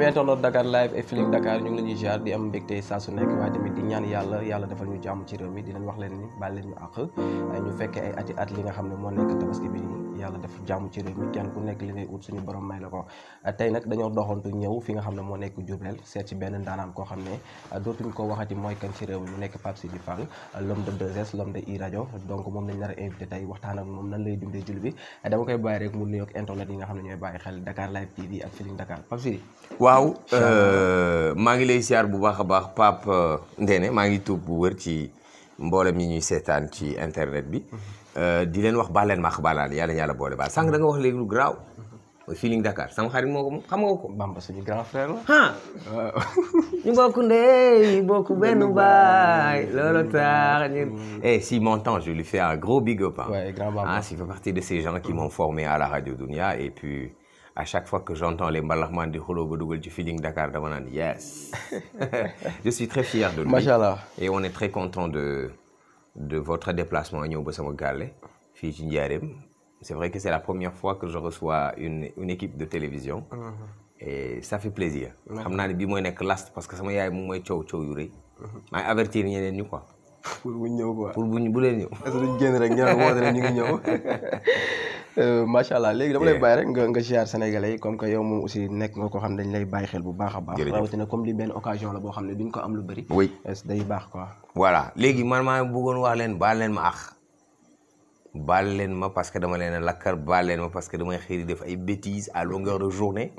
am internet Dakar live et Feeling Dakar ñu ngi leen jaar di am mbégte saa su nekk waaye tamit di ñaan yàlla yàlla defal ñu jàmm ci réew mi di leen wax leen ni baal leen ñu àq ñu fekkee ay nga xam ne moo nekk tabaski bi yàlla def jàmm ci réew nekk li ngay ut borom may la ko tey nag dañoo doxantu ñëw fi nga xam ne moo nekk Diourbel seet ci benn ndaanaan koo xam ne dootuñ ko waxati mooy kan ci réew nekk Pape Sidi Fall l'homme de 2S a invité tey waxtaan ak moom nan lay dundee julli bi dama koy bàyyi rek mu nuyoog internet yi nga xam ne ñooy bàyyi xel Dakar live TV ak Feeling Dakar Pape waaw euh, maa ngi lay siyaar bu baax a baax Pape euh, Ndene maa ngi tuub bu wër ci mboole mi ñuy seetaan ci internet bi mhm. euh, di leen wax baal leen maax ah, baalaan yàlla yàlla boole baal sànq da nga wax léegi lu garaaw mhm. mooy Feeling Dakar sama xarit moo ko xam nga ko. Bamba suñu grand frère la. ah ñu bokk ndey bokk benn baay loolu tax ñu. Mhm. eh si m'entend je lui fais un gros big up. ouais grand Bamba ah il fait partie de ces gens qui m'ont formé à la radio Dunia à chaque fois que j'entends les mbalaxmaan di xuloo ba dugal ci Feeling Dakar dama naan yes je suis très fier de lui macha allah et on est très content de de votre déplacement ñëw ba sama gàlle fii ci Njaareem c'est vrai que c'est la première fois que je reçois une équipe de télévision mhm. et ça fait plaisir xam naa ne mooy nekk last parce que sama yaay moom mooy coow coow yu mhm. avertir ñeneen ñi quoi pour bu ñëw quoi pour bu bu leen rek ñu naan woote ñu ngi ñëw. Euh, macha allah léegi dama lay bàyyi rek nga nga ziar comme que yow moom aussi nekk nga ko xam ne dañ lay bàyyi xel bu baax a baax. jërëjëf rawatina comme li benn occasion la boo xam ne duñ ko am lu bëri. oui day baax quoi. waa léegi man maa bëggoon wax leen baal leen ma ax baal leen ma parce que dama leen a lakkar baal leen ma parce que damay xëy di def ay bêtises à longueur de journée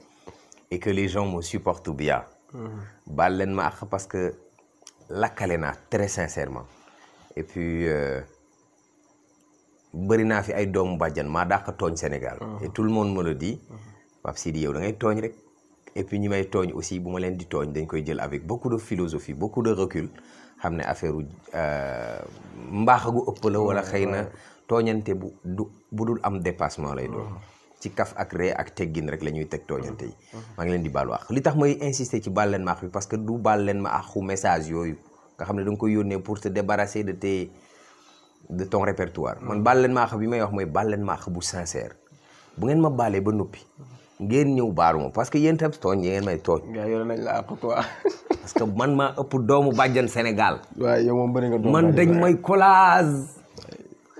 et que les gens me supportent hmm. leen ma parce que lakkale naa très sincèrement et puis euh, bëri naa fi ay doomu bàjjan maa dàq tooñ Sénégal. Uh-huh. et tout le monde me le dit. Uh-huh. Pape Sidi yow da tooñ rek. et ñu ñi may tooñ aussi bu ma leen di tooñ dañ koy jël avec beaucoup de philosophie beaucoup de recul xam ne affaire euh, mbaax gu ëpp la wala xëy na tooñante bu bu dul am dépassement lay doon. Uh-huh. ci kaf ak ree ak teggin rek la ñuy teg tooñante yi maa ngi leen di baal wax li tax may insister ci baal leen ma ax bi parce que du baal leen ma axu ne da nga koy yónnee pour te débarrasser de tes de ton ma wax mooy baal leen ma bu sincère bu ngeen ma baalee ba noppi ngeen ñëw baaluma parce que yéen tam tooñ ngeen may tooñ. yaa parce que man maa ëpp doomu bàjjan Sénégal. waaw yow moom man dañ may collage.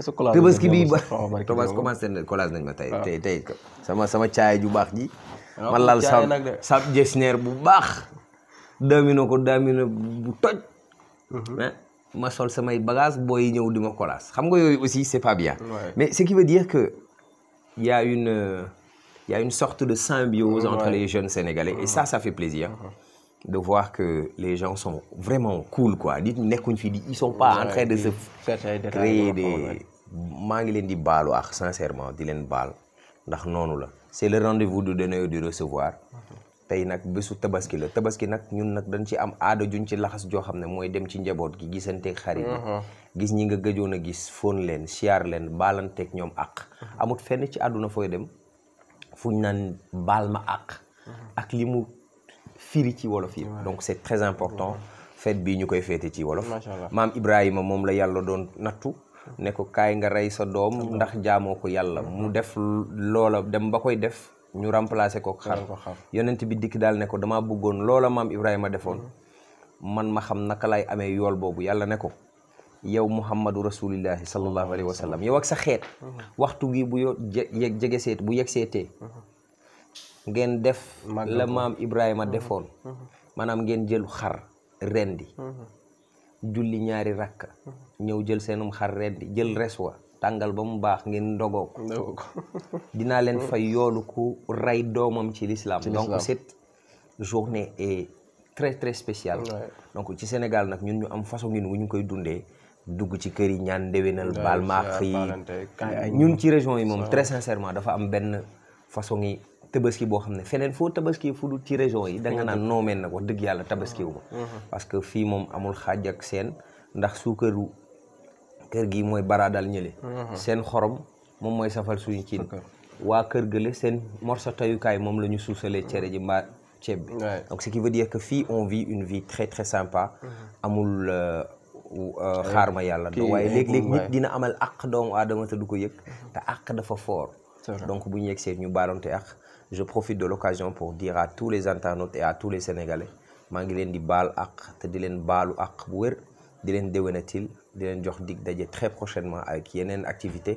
sa collage tabaski bi ba oh, Thomas commencé na collage ma tey ah. tey tey sama sama caay ju baax ji. Ah, ma lal sa sa bu baax. daamino ko daamino bu toj. Mhm. ma sol samay bagage booy ñëw di ma collage xam nga yooyu aussi c'est pas bien. mais ce qui veut dire que y a une y a sorte de symbiose entre les jeunes sénégalais et ça ça fait plaisir. Mhm. de voir que les gens sont vraiment cool quoi nit ñi nekkuñ di ils sont pas en de se créer des maa ngi leen di baalu ak sincèrement di leen baal ndax noonu la c'est le rendez-vous du donner du recevoir tey nag bésu tabaski la tabaski nag ñun nag dañ ci am aada juñ ci laxas joo xam ne mooy dem ci njaboot gi gisanteeg xarit uh-huh. gis ñi nga gëjoon a gis fóon leen siyaar leen baalanteek ñoom àq uh-huh. amut fenn ci àdduna fooy dem fuñ naan baal ma àq uh-huh. ak li mu firi ci wolof yi donc c'est très important fête bii ñu koy féete ci wolof maam Ibrahima moom la yàlla doon ne ko kaay nga rey sa doom ndax jaamoo ko yàlla mu def loola dem ba koy def ñu remplacer ko xar yonent bi dikk daal ne ko damaa bëggoon loola maam Ibrahima defoon mm-hmm. man ma xam naka laay amee yool boobu yàlla ne ko yow muhammadu rasulillahi sallallahu alayhi wa sallam yow ak sa xeet mm-hmm. waxtu gi bu yo yeg jege seet bu yeg seetee mm-hmm. ngeen def la maam Ibrahima defoon maanaam xar rendi julli ñaari rakk ñëw jël seenum xar rendi jël res wa tàngal ba mu baax ngeen ndogoo ko dinaa leen fay yoolu ku rey doomam ci l'islam donc cette journée est très très spéciale donc ci Sénégal nag ñun ñu am façon ngin wu ñu koy dundee dugg ci kër yi ñaan ndéwénal baal maax yi ñun ci région yi moom très sincèrement dafa am benn façon yi tabaski boo xam ne feneen foo tabaski fu dul ci région yi da nga naan noomeen nag wax dëgg yàlla tabaski wu ma parce que fii moom amul xaaj ak seen ndax suukaru kër gi mooy baraadal ñële seen xorom moom mooy safal suñu ciin waa kër la seen morso tayukaay moom la ñu suusalee cere ji mbaa ceeb bi donc ce qui veut dire que fii on vit une vie très très sympa amul euh, euh, xaar ma yàlla do waaye léeg-léeg nit dina amal àq doomu aadama te du ko yëg te àq dafa fort donc bu ñu yegg seet ñu baalonte àq je profite de l'occasion pour dire à tous les internautes et à tous les sénégalais maa ngi leen di baal ak te di leen baalu ak bu wér di leen déwénatil di leen jox dig daje très prochainement avec yeneen activité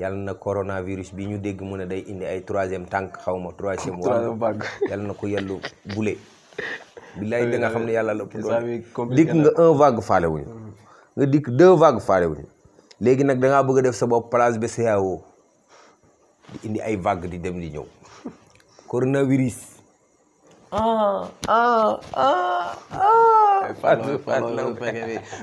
yàlla na coronavirus bi ñu dégg mu ne day indi ay troisième tànk xaw ma troisième wàll yàlla na ko yellu bule billaay nga xam ne yàlla la ëpp doon dikk nga un vague faale wuñu nga dikk deux vagues faale léegi nag da ngaa bëgg a def sa bopp place BCEAO di indi ay vague di dem di ñëw coronavirus. ah ah ah ah. Fatou Fatou la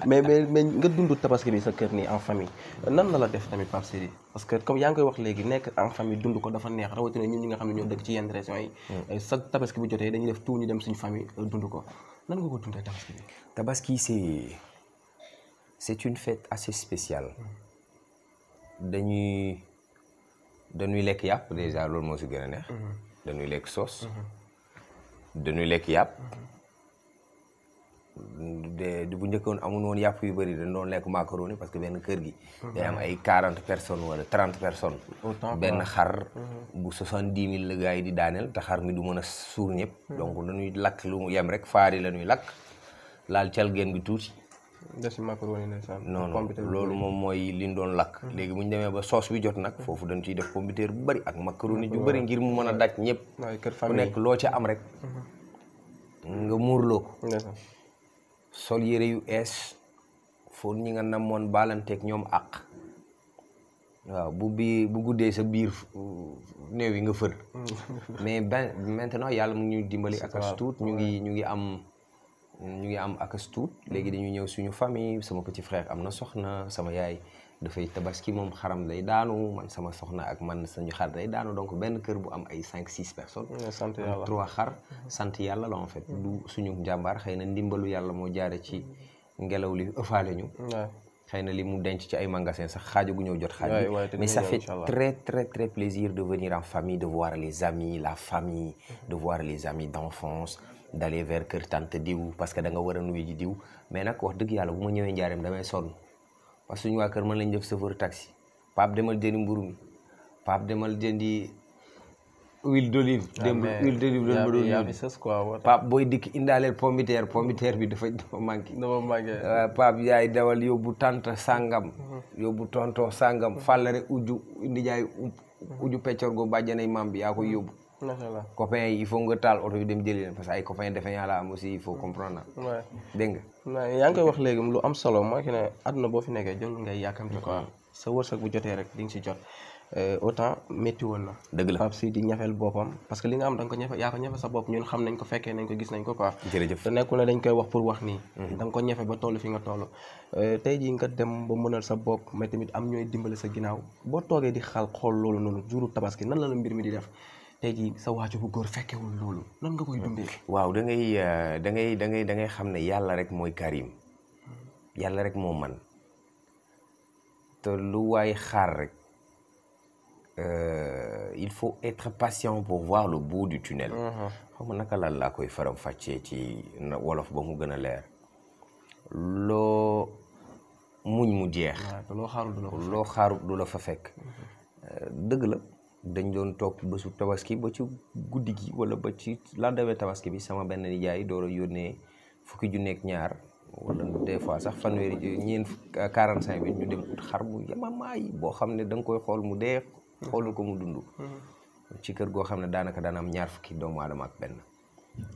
mais mais mais nga dund tabaski bi sa kër nii en famille nan na la def tamit Pape Sidi parce que comme yaa ngi koy wax léegi nekk en famille dund ko dafa neex rawatina ñun ñi nga xam ne ñoo dëkk ci yenn régions yi. Hmm. Euh, sa tabaski bu jotee dañuy def tout ñu dem suñu famille euh, dundu ko nan nga ko dundee tabaski bi. tabaski c'est c'est une fête assez spéciale hmm. dañuy dañuy lekk yàpp déjà loolu moo si gën a neex. Hmm. dañuy lekk soos mhm. dañuy lekk yàpp de bu njëkkoon amun woon yàpp yu bari dañ doon lekk macaroni parce que benn kër gi mhm. day am ay quarante personnes wala trente personnes benn xar mhm. bu soixante dix mille la yi di daaneel te xar mi du mën a suur ñëpp donc dañuy lakk lu mu yem rek faar yi la ñuy lakk laal calgeen bi tuuti des macaroni non non loolu moom mooy li ñu doon lakk. Mm. léegi bu ñu demee ba soos bi jot nag foofu dañ ciy def pompiteer bu bëri ak macaroni ju bëri ngir mu mën a daj ñëpp. ku nekk loo ci am rek. Mm-hmm. nga muurloo sol yére yu ees foo ñi nga namoon balanteek ñoom àq. waaw bu bii bu guddee sa biir néew yi nga fër. Mm. mais ben maintenant yàlla mu ñu dimbali. ak tuut ñu ngi am. ñu ngi am ak as léegi dañu ñëw suñu famille sama petit frère am na soxna sama yaay dafay tabaski moom xaram lay daanu man sama soxna ak man suñu xar day daanu donc benn kër bu am ay cinq six personnes mm, sant yàlla trois xar sant yàlla la en fait mm. du suñu njàmbaar xëy na ndimbalu yàlla moo jaare ci ngelaw li ëfaale ñu xëy na li mu denc ci ay magasin sax xaajo ñëw jot xaaj bi mais ça fait très très très plaisir de venir en famille de voir les amis la famille mm-hmm. de voir les amis d'enfance d'aller vers kër tante diw parce que da nga war a nuyu ji diw mais nag wax dëgg yàlla bu ma ñëwee njaareem damay sonn parce que suñu waa kër mën lañ def chauffeur taxi pape demal jëndi mburu mi pape demal jëndi huile d'olive ah, démb huile d'olive doon booy dikk indaaleel pommitère pommitère bi dafa dafa manqué euh, pape yaay dawal yóbbu tante sàngam mm-hmm. yóbbu tonton sàngam mm-hmm. fàllare uju indi jaay uju peccor go bàjjanay maam bi yaa koy mm-hmm. yóbbu macha allah copain yi il faut nga taal oto bi dem jëli leen parce que ay copain defe naa la am aussi yaa ngi koy wax léegi lu am solo mooy que ne àdduna boo fi nga jël ngay yàkkamti quoi sa jotee rek di nga si jot. Euh, autant métti woon na. dëgg la Pape si di ñafeel boppam parce que li nga am da ko ñafe yaa ko ñafe sa bopp ñun xam nañ ko fekkee nañ ko gis nañ ko quoi. jërëjëf te nekkul ne wax pour wax nii. Mhm. da nga ko ñafe ba toll fi nga toll. Euh, tey jii nga dem ba mënal sa bopp mais tamit am ñooy dimbale sa ginnaaw boo toogee di xal xool loolu noonu juru tabaski nan la la mbir mi di def. tey jii sa waajur bu góor fekkewul loolu nan nga koy dundee. waaw euh, da ngay da ngay da ngay xam ne yàlla rek mooy Karim yàlla rek moo man te lu waay xaar rek euh, il faut être patient pour voir le bout du tunnel. Uh-huh. xam naka lan laa koy faram fàccee ci wolof ba mu gën a leer loo muñ mu jeex. loo xaarul fa fekk loo du la fa fekk uh-huh. euh, dëgg la. dañ doon toog ba su tabaski ba ci guddi gi wala ba ci lendemain tabaski bi sama benn nijaay door a yónnee fukki ju nekk ñaar wala des fois sax fanweeri ñeen euh, quarante cinq bi ñu dem xar bu yamamaay boo xam ne danga koy xool mu dee xoolul ko mu dund mm-hmm. ci kër goo xam ne daanaka daan am ñaar fukki doomu aadama ak benn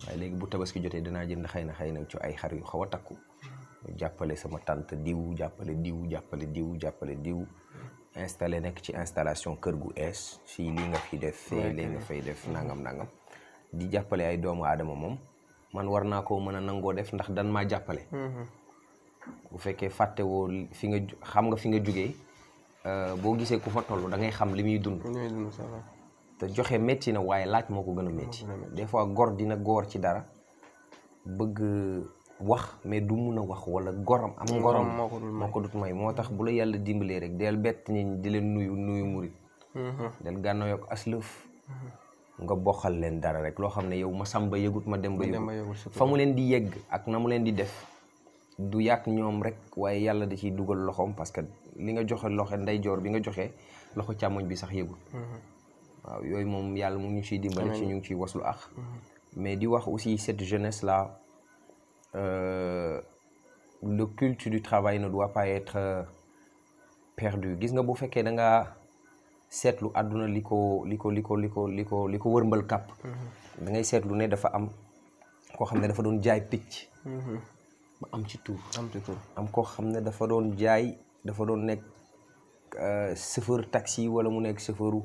waaye léegi bu tabaski jotee danaa jënd xëy na xëy na ci ay xar yu xaw a takku mm-hmm. jàppale sama tante diw jàppale diw jàppale diw jàppale diw installé nekk ci installation kër gu ees fii lii nga fi def fee lii nga fay def nangam mhm. nangam di jàppale ay doomu aadama moom man war naa koo mën a nangoo def ndax dan maa jàppale mhm. bu fekkee fàtte fi nga xam nga fi nga jógee euh, boo gisee ku fa toll da ngay xam li muy dund te joxe metti na waaye laaj moo ko gën a métti des fois gor dina góor ci dara bëgg wax mais du mun a wax wala gorom am ngorom moo ko dut may moo tax bu la yàlla dimbalee rek del bett nit ñi di leen nuyu nuyu murit mm-hmm. del gànnoo yokk aslëf mm-hmm. nga boxal leen dara rek loo xam ne yow ma samba yëgut ma dem ba yëgut fa mu leen di yegg ak na mu leen di def du yàq ñoom rek waaye yàlla di ciy dugal loxoom parce que li nga joxe loxo ndeyjoor bi nga joxe loxo càmmoñ bi sax yëgul mm-hmm. waaw yooyu moom yàlla mu ñu ciy dimbali ci ñu ngi ciy waslu ax mais di Euh, le culte du travail ne doit pas être euh, perdu gis nga bu fekkee da nga seetlu àdduna li ko li ko li ko li ko li ko li ko wërmbal kàpp mm-hmm. da ngay seetlu ne dafa am koo xam ne dafa doon jaay picc mm-hmm. ba am am koo xam ne dafa doon jaay dafa doon nekk euh, chauffeur taxi wala mu nekk chauffeuru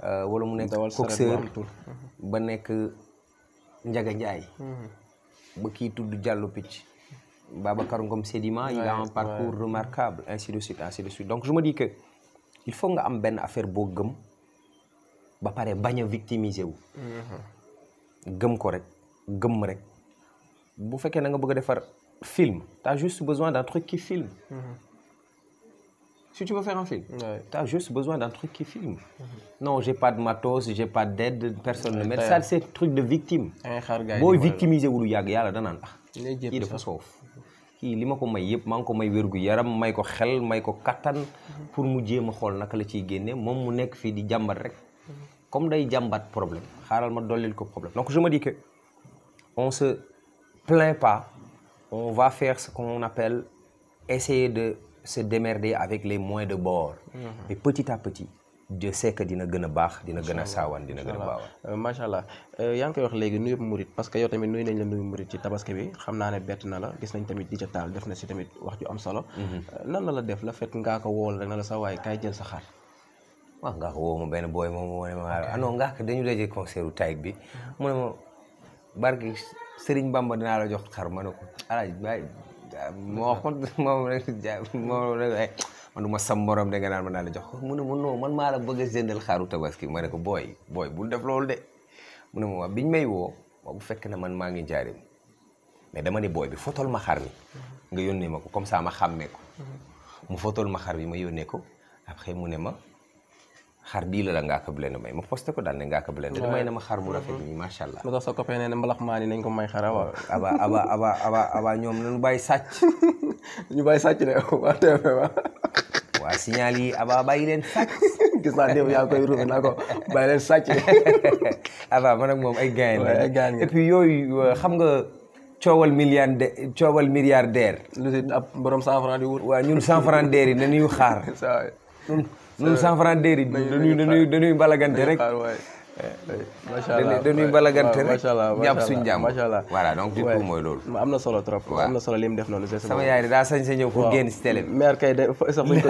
wala mu nekk coxeur ba nekk njaga njaay ba kii tudd Diallo Picc Babacar Ngom Sédima il a un parcours remarquable ainsi de suite ainsi de suite donc je me dis que il faut nga am benn affaire boo gëm ba pare bañ a victimiser wu mm-hmm. gëm ko rek gëm rek bu fekkee nanga nga bëgg defar film t'as juste besoin d'un truc qui filme mm-hmm. Si tu veux faire un film, ouais. tu besoin d'un truc qui filme. Mhm. Non, j'ai pas de matos, j'ai pas d'aide, personne ne m'aide. Ça, c'est un truc de victime. booy victimiser wu lu yàgg yàlla danaan ah. kii dafa soof. kii li ma ko may yëpp maa ko may wérgu yaram may ko xel may ko kattan. Mhm. pour mu jéem a xool naka la ciy génne moom mu nekk fii di jàmbat rek. Mhm. comme day jàmbat problème xaaral ma dollil ko problème. donc je me dis que on se plaint pas on va faire ce qu'on appelle essayer de. se démerder avec les moyens de bord. Mhm. mais petit à petit. Dieu sait que dina gën a baax dina gën a saawan dina gën a baawan macha allah yaa ngi koy wax léegi nuyu murit parce que yow tamit nuyu nañ la nuyu murit ci tabaski bi xam naa ne bett na la gis nañ tamit di ca taal def na si tamit wax ju am solo mhm. euh, nan la la def la fekk ngaa ko wool rek na la sa waaye kaay jël sa xar waaw ngaa ko woo ma benn booy moom moo ne ma ano ah ngaa ko dañu daje concert u tayik bi mhm. mu ne ma ma wax ko moom rek ja moom rek man du ma sam morom de nga naan ma naa la jox mu ne ma non man maa la bëgg a jëndal xaaru tabaski ma ne ko booy booy bu def loolu de mu ne ma a biñ may woo waa bu fekk na man maa ngi njaarim mais dama ne booy bi fotol ma xar mi nga yónnee ma ko comme ça ma xàmmee ko mm-hmm. mu fotol ma xar bi ma yónnee ko après mu ne ma. xar bii la la ngaa ko blend may ma posté ko daal ne ngaa ko may ma xar mu rafet mhm. allah. lu tax sa copain nee na mbalax maa ni ko may xara aba aba ñu bàyyi sàcc de waa yi aba bàyyi leen gis naa démb yaa koy ruube ay gaañ la yooyu euh, xam nga. coowal milliardaire coowal milliardaire. lu si ab borom cent wut. waaw ñun cent franc deer yi xaar. ñun cent franc déeri dañuy dañuy rek macha allah dañuy mbalagante rek jàpp suñu jàmm macha allah voilà donc du coup mooy loolu am na solo trop am na solo li def noonu sama yaay di daa sañ sa ñëw pour génn si kay day mooy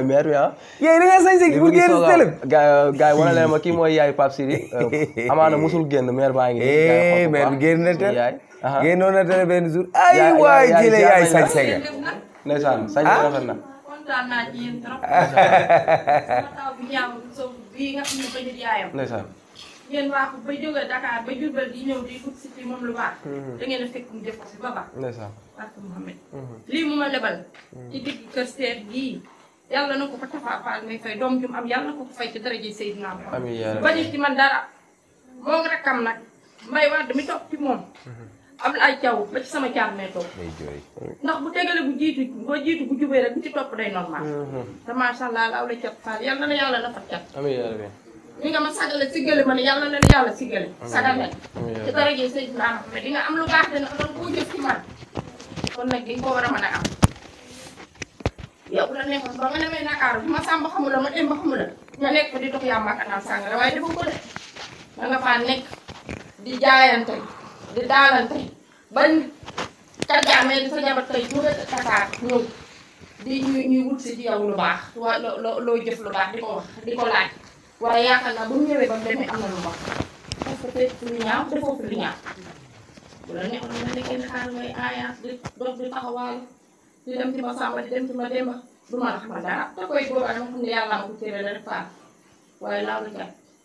maire bi ah yaay da sañ sa pour génn si télé wane leen ma kii mooy yaay Pape amaa euh, amaana musul génn maire baa ngi nii eh, maire bi na télé yaay génnoon na télé benn jour ay waay yaay sañ sa nga ndeysaan sañ sa ah? rafet na kontaan naa ci yéen trop. sama taw bi ñaaw so bii nga xam ne bañu yaayam. ndeysaan. ngeen waa ko ba jógee Dakar ba Jurbel di ñëw di ut si fii moom lu baax. da ngeen a fekk mu def ko si ba baax. ndeysaan barke lii mu ma lebal. ci digg kër seet gii. yàlla na ko ko tafaafaal may fay doom ju am yàlla na ko ko fay ci daraja Seydina Muhammad. amiin bañu ci man dara. moo ngi nag mbay waat mi topp ci moom. Ablaye Thiaw ba ci sama caat may toog ndax bu tegale bu jiitu boo jiitu bu jubee rek bu ci topp day normal mm-hmm. te macha la aw la cat faal yàlla na yàlla dafa cat ni nga ma sagale sigale ma ne yàlla na yàlla sigale sagale di ko war a la ma sàmba xamula ma dem ba xamula nga nekk fa di dox yaa màkk naan sàngara waaye dafa ko nekk di jaayante di daalante bañ kàjjaamee di sa jabar tey ñëw a tasaar ñëw di ñuy wut si ci yow lu baax waa loo loo jëf lu baax di ko wax di ko laaj waaye yaakaar naa bu mu ñëwee ba mu am na lu wax parce la ma dem ci ma ma la te koy góor a nga xam ne yàlla ma ko cëre rek faal waaye laalu jàpp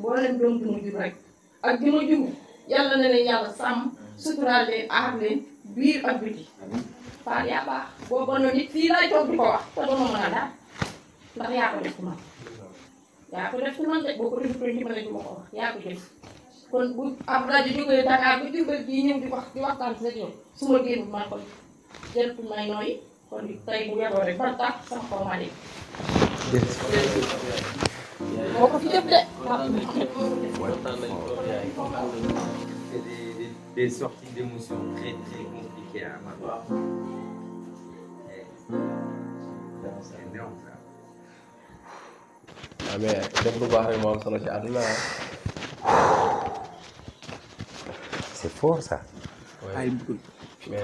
mboolem doom bu mu jur rek ak di ma jur yàlla na leen yàlla sàmm suturaal leen leen biir ak biti Faal yaa baax boo bonoon nit fii lay toog di ko wax te dooma mën a daal ndax yaa de boo ko defee ba Diourbel gii ñëw di wax di waxtaan si yow su génn maa ko jënd may nooyi kon tey bu rek ba tax sama xaw ma dégg. moo ko fi def de. des, des, des sorties d'émotions très très compliquées à ah, def lu baax rek moo am solo ci àdduna ah. c'est fort ça. ay mais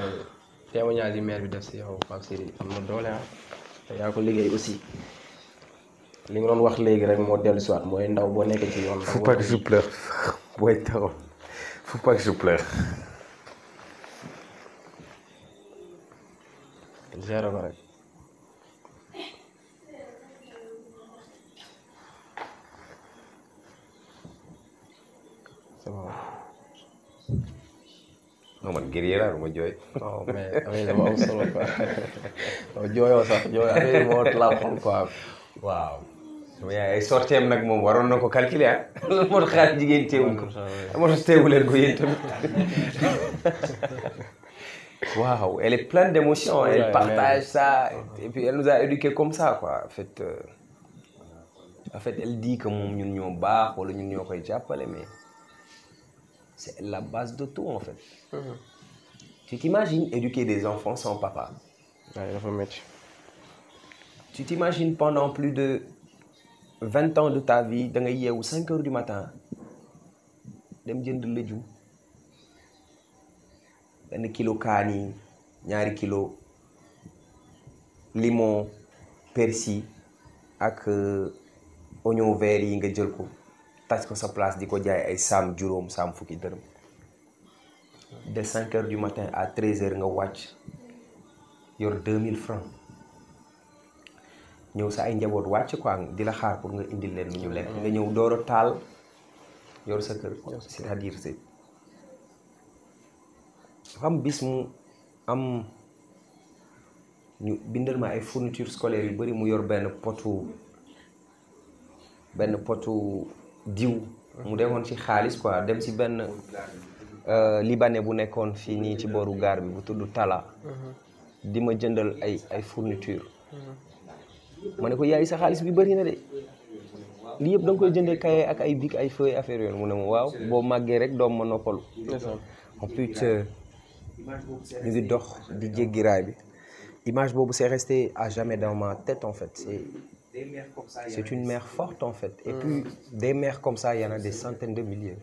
témoignage yi maire bi def si yow Pape Sidi am na doole ah. yaa ko liggéey aussi. li nga doon wax léegi rek moo dellu siwaat mooy ndaw boo nekk ci yoon. faut pas que je pleure booy taxaw faut pas que jooyoo sax jooy affaire moo laal xol quoi waaw. sama yaay ay sorteem nag moom waroon na ko calculer ah loolu moo tax xaar jigéen teewuñ ko moo tax teewu leen ko yéen tamit waaw elle est pleine d'émotions elle partage ça et puis elle nous a éduqués comme ça quoi en fait euh, en fait elle dit que moom ñun ñoo baax wala ñun ñoo koy jàppale mais c'est la base de tout en mm-hmm. papa dafa métti tu t'imagines pendant de vingt ans de ta vie da ngay yeewu cinq heures du matin dem jënd lëjum benn kilo kaani ñaari kilo limon persil ak euh, oignon vert yi nga jël ko taj ko sa place di ko jaay ay saam juróom saam fukki dërëm de cinq heures du matin à treize heures nga wàcc yor deux mille francs ñëw sa ay njaboot wàcc quoi di la xaar pour nga indi leen lu ñu lekk mm. nga ñëw dooro taal yor sa kër c'est-à-dire c'est am bis mu am ñu bindal ma ay fourniture scolaire yu bari mu yor benn potu benn potu diw mu mm. demoon ci xaalis quoi dem ci benn euh, libane bu nekkoon fii nii ci booru gaar bi bu tudd Tala mm-hmm. di ma jëndal ay fourniture mm-hmm. ma ne ko yaay sa xaalis bi bari na de lii yëpp da koy jënde kaye ak ay bic ay feuille affaire yoon mu ne ma waaw boo màggee rek doom ma noppalu en plus euh, ñu ngi dox di jéggi raay bi image boobu c'est resté à jamais dans ma tête en fait c'est une mère forte en fait et puis mm. des mères comme ça il y en a des centaines de milliers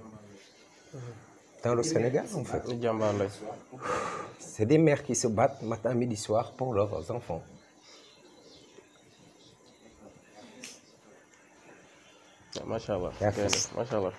dans le Sénégal en fait c'est des mères qui se battent matin midi soir pour leurs enfants macha allah macha allah